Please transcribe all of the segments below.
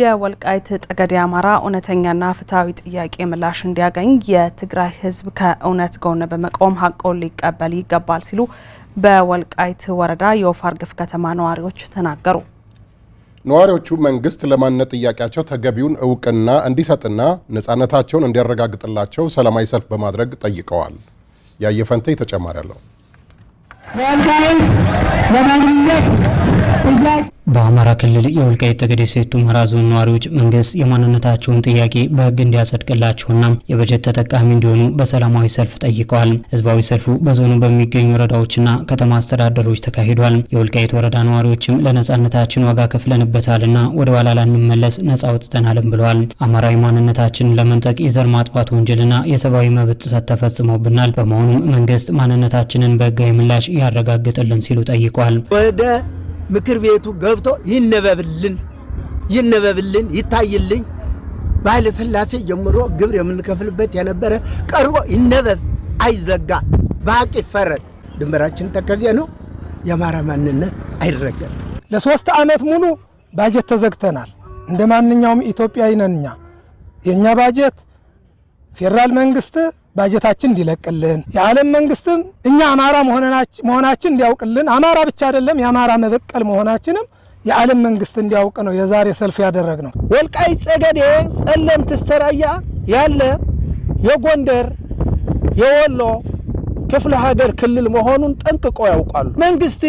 የወልቃይት ጠገዴ አማራ እውነተኛና ፍትሐዊ ጥያቄ ምላሽ እንዲያገኝ የትግራይ ሕዝብ ከእውነት ጎን በመቆም ሀቆን ሊቀበል ይገባል ሲሉ በወልቃይት ወረዳ የወፋር ግፍ ከተማ ነዋሪዎች ተናገሩ። ነዋሪዎቹ መንግስት ለማንነት ጥያቄያቸው ተገቢውን እውቅና እንዲሰጥና ነፃነታቸውን እንዲያረጋግጥላቸው ሰላማዊ ሰልፍ በማድረግ ጠይቀዋል። ያየፈንቴ ተጨማሪ አለው። በአማራ ክልል የወልቃይት ጠገዴ ሰቲት ሁመራ ዞን ነዋሪዎች መንግስት የማንነታቸውን ጥያቄ በህግ እንዲያጸድቅላቸውና የበጀት ተጠቃሚ እንዲሆኑ በሰላማዊ ሰልፍ ጠይቀዋል። ህዝባዊ ሰልፉ በዞኑ በሚገኙ ወረዳዎችና ከተማ አስተዳደሮች ተካሂዷል። የወልቃይት ወረዳ ነዋሪዎችም ለነጻነታችን ዋጋ ከፍለንበታልና ወደ ኋላ ላንመለስ ነጻ ወጥተናልም ብለዋል። አማራዊ ማንነታችንን ለመንጠቅ የዘር ማጥፋት ወንጀልና የሰብአዊ መብት ጥሰት ተፈጽሞብናል። በመሆኑም መንግስት ማንነታችንን በህጋዊ ምላሽ ያረጋግጥልን ሲሉ ጠይቋል። ምክር ቤቱ ገብቶ ይነበብልን ይነበብልን ይታይልኝ። በኃይለ ሥላሴ ጀምሮ ግብር የምንከፍልበት የነበረ ቀርቦ ይነበብ፣ አይዘጋ፣ በሀቅ ይፈረድ። ድንበራችን ተከዜ ነው። የአማራ ማንነት አይረገጥ። ለሶስት ዓመት ሙሉ ባጀት ተዘግተናል። እንደ ማንኛውም ኢትዮጵያዊ ነን እኛ የእኛ ባጀት ፌዴራል መንግስት ባጀታችን እንዲለቅልን የዓለም መንግስትም እኛ አማራ መሆናችን እንዲያውቅልን አማራ ብቻ አይደለም የአማራ መበቀል መሆናችንም የዓለም መንግስት እንዲያውቅ ነው የዛሬ ሰልፍ ያደረግ ነው። ወልቃይ ጸገዴ፣ ጸለምት፣ ሰራያ ያለ የጎንደር የወሎ ክፍለ ሀገር ክልል መሆኑን ጠንቅቆ ያውቃሉ። መንግስት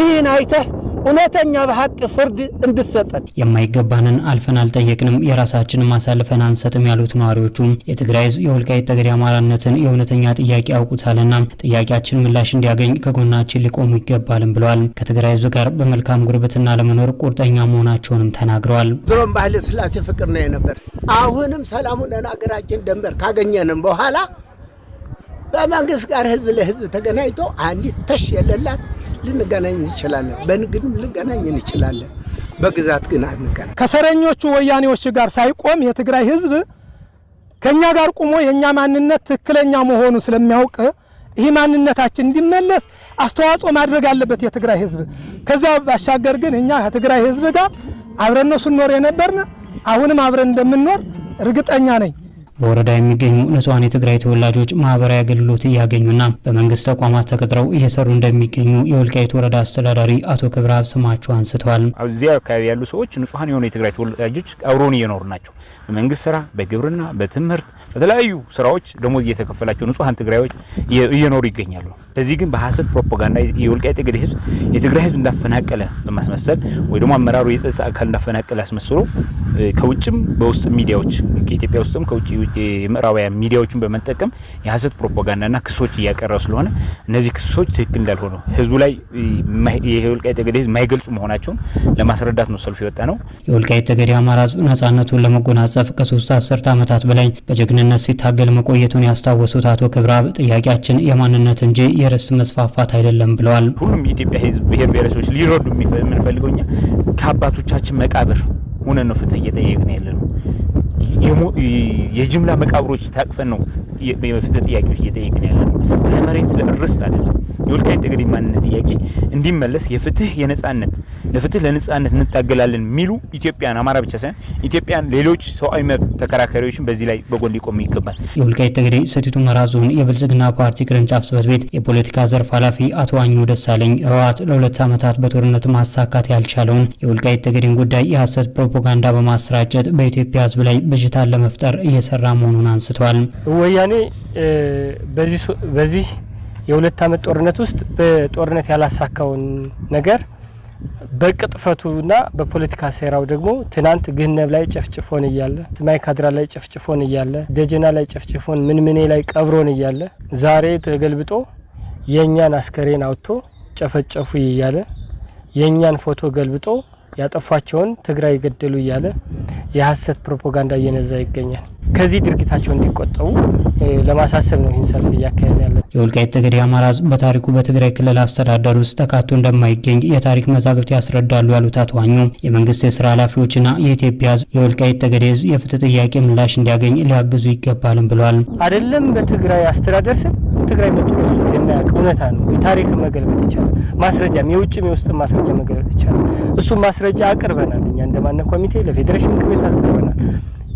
ይህን አይተህ እውነተኛ በሀቅ ፍርድ እንድሰጠን የማይገባንን አልፈን አልጠየቅንም የራሳችንን ማሳልፈን አንሰጥም ያሉት ነዋሪዎቹ የትግራይ ህዝብ የወልቃይት ጠገዴ አማራነትን የእውነተኛ ጥያቄ ያውቁታልና ጥያቄያችን ምላሽ እንዲያገኝ ከጎናችን ሊቆሙ ይገባልም ብለዋል። ከትግራይ ህዝብ ጋር በመልካም ጉርብትና ለመኖር ቁርጠኛ መሆናቸውንም ተናግረዋል። ድሮም ባህለ ስላሴ ፍቅር ነው የነበር። አሁንም ሰላሙን ለናገራችን ደንበር ካገኘንም በኋላ በመንግስት ጋር ህዝብ ለህዝብ ተገናኝቶ አንዲት ተሽ የለላት ልንገናኝ እንችላለን፣ በንግድም ልንገናኝ እንችላለን። በግዛት ግን አንገናኝ። ከሰረኞቹ ወያኔዎች ጋር ሳይቆም የትግራይ ህዝብ ከእኛ ጋር ቁሞ የእኛ ማንነት ትክክለኛ መሆኑ ስለሚያውቅ ይህ ማንነታችን እንዲመለስ አስተዋጽኦ ማድረግ አለበት የትግራይ ህዝብ። ከዚያ ባሻገር ግን እኛ ከትግራይ ህዝብ ጋር አብረን ስንኖር የነበርን አሁንም አብረን እንደምንኖር እርግጠኛ ነኝ። በወረዳ የሚገኙ ንጹሐን የትግራይ ተወላጆች ማህበራዊ አገልግሎት እያገኙና በመንግስት ተቋማት ተቀጥረው እየሰሩ እንደሚገኙ የወልቃይት ወረዳ አስተዳዳሪ አቶ ክብረአብ ስማቸው አንስተዋል። እዚያ አካባቢ ያሉ ሰዎች ንጹሐን የሆኑ የትግራይ ተወላጆች አብሮን እየኖሩ ናቸው። በመንግስት ስራ፣ በግብርና፣ በትምህርት፣ በተለያዩ ስራዎች ደሞዝ እየተከፈላቸው ንጹሐን ትግራዮች እየኖሩ ይገኛሉ። በዚህ ግን በሀሰት ፕሮፓጋንዳ የወልቃይት ጠገዴ ህዝብ የትግራይ ህዝብ እንዳፈናቀለ በማስመሰል ወይ ደግሞ አመራሩ የጸጥታ አካል እንዳፈናቀለ አስመስሎ ከውጭም በውስጥ ሚዲያዎች ከኢትዮጵያ ውስጥም ከውጭ የምዕራባውያን ሚዲያዎችን በመጠቀም የሀሰት ፕሮፓጋንዳና ክሶች እያቀረቡ ስለሆነ እነዚህ ክሶች ትክክል እንዳልሆኑ ህዝቡ ላይ የወልቃይት ጠገዴ ህዝብ ማይገልጹ መሆናቸውን ለማስረዳት ነው ሰልፍ የወጣ ነው። የወልቃይት ጠገዴ አማራ ህዝብ ነጻነቱን ለመጎናጸፍ ከሶስት አስርት ዓመታት በላይ በጀግንነት ሲታገል መቆየቱን ያስታወሱት አቶ ክብራብ ጥያቄያችን የማንነት እንጂ የርስ መስፋፋት አይደለም ብለዋል። ሁሉም የኢትዮጵያ ህዝብ ብሔር ብሔረሰቦች ሊረዱ የምንፈልገው እኛ ከአባቶቻችን መቃብር ሆነ ነው ፍትህ እየጠየቅን ያለ ነው። የጅምላ መቃብሮች ታቅፈን ነው ፍትህ ጥያቄዎች እየጠየቅን ያለ ነው። ስለ መሬት ስለ ርስት አይደለም። የወልቃይት ጠገዴ ማንነት ጥያቄ እንዲመለስ የፍትህ የነጻነት ለፍትህ ለነጻነት እንታገላለን የሚሉ ኢትዮጵያን አማራ ብቻ ሳይሆን ኢትዮጵያን ሌሎች ሰብአዊ መብት ተከራካሪዎችን በዚህ ላይ በጎን ሊቆሙ ይገባል። የወልቃይት ጠገዴ ሰቲት ሁመራ ዞን የብልጽግና ፓርቲ ቅርንጫፍ ጽሕፈት ቤት የፖለቲካ ዘርፍ ኃላፊ አቶ አኘሁ ደሳለኝ ህወሓት ለሁለት ዓመታት በጦርነት ማሳካት ያልቻለውን የወልቃይት ጠገዴን ጉዳይ የሀሰት ፕሮፓጋንዳ በማሰራጨት በኢትዮጵያ ህዝብ ላይ በሽታን ለመፍጠር እየሰራ መሆኑን አንስተዋል። ወያኔ በዚህ የሁለት አመት ጦርነት ውስጥ በጦርነት ያላሳካውን ነገር በቅጥፈቱና በፖለቲካ ሴራው ደግሞ ትናንት ግህነብ ላይ ጨፍጭፎን እያለ ማይካድራ ላይ ጨፍጭፎን እያለ ደጀና ላይ ጨፍጭፎን ምንምኔ ላይ ቀብሮን እያለ ዛሬ ተገልብጦ የእኛን አስከሬን አውጥቶ ጨፈጨፉ እያለ የእኛን ፎቶ ገልብጦ ያጠፏቸውን ትግራይ ገደሉ እያለ የሀሰት ፕሮፓጋንዳ እየነዛ ይገኛል። ከዚህ ድርጊታቸው እንዲቆጠቡ ለማሳሰብ ነው ይህን ሰልፍ እያካሄድ ያለ። የወልቃይት ጠገዴ አማራ ህዝብ በታሪኩ በትግራይ ክልል አስተዳደር ውስጥ ተካቶ እንደማይገኝ የታሪክ መዛግብት ያስረዳሉ ያሉት አቶ ዋኙ የመንግስት የስራ ኃላፊዎችና የኢትዮጵያ ህዝብ የወልቃይት ጠገዴ ህዝብ የፍትህ ጥያቄ ምላሽ እንዲያገኝ ሊያግዙ ይገባልም ብሏል። አይደለም በትግራይ አስተዳደር ስም ትግራይ መጡ ወስዶት የማያውቅ እውነታ ነው። የታሪክ መገልበጥ ይቻላል። ማስረጃም የውጭም የውስጥ ማስረጃ መገልበጥ ይቻላል። እሱም ማስረጃ አቅርበናል። እኛ እንደማነ ኮሚቴ ለፌዴሬሽን ምክር ቤት አቅርበናል።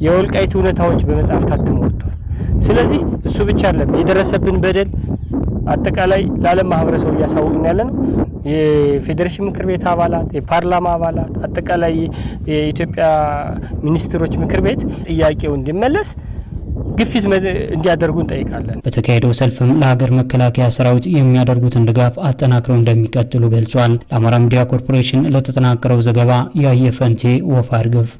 የወልቃይት እውነታዎች በመጽሐፍ ታትሞ ወጥቷል። ስለዚህ እሱ ብቻ አይደለም የደረሰብን በደል አጠቃላይ ለዓለም ማህበረሰቡ እያሳወቅን ያለ ነው። የፌዴሬሽን ምክር ቤት አባላት፣ የፓርላማ አባላት፣ አጠቃላይ የኢትዮጵያ ሚኒስትሮች ምክር ቤት ጥያቄው እንዲመለስ ግፊት እንዲያደርጉ እንጠይቃለን። በተካሄደው ሰልፍም ለሀገር መከላከያ ሰራዊት የሚያደርጉትን ድጋፍ አጠናክረው እንደሚቀጥሉ ገልጿል። ለአማራ ሚዲያ ኮርፖሬሽን ለተጠናቀረው ዘገባ ያየፈንቴ ወፋ እርግፍ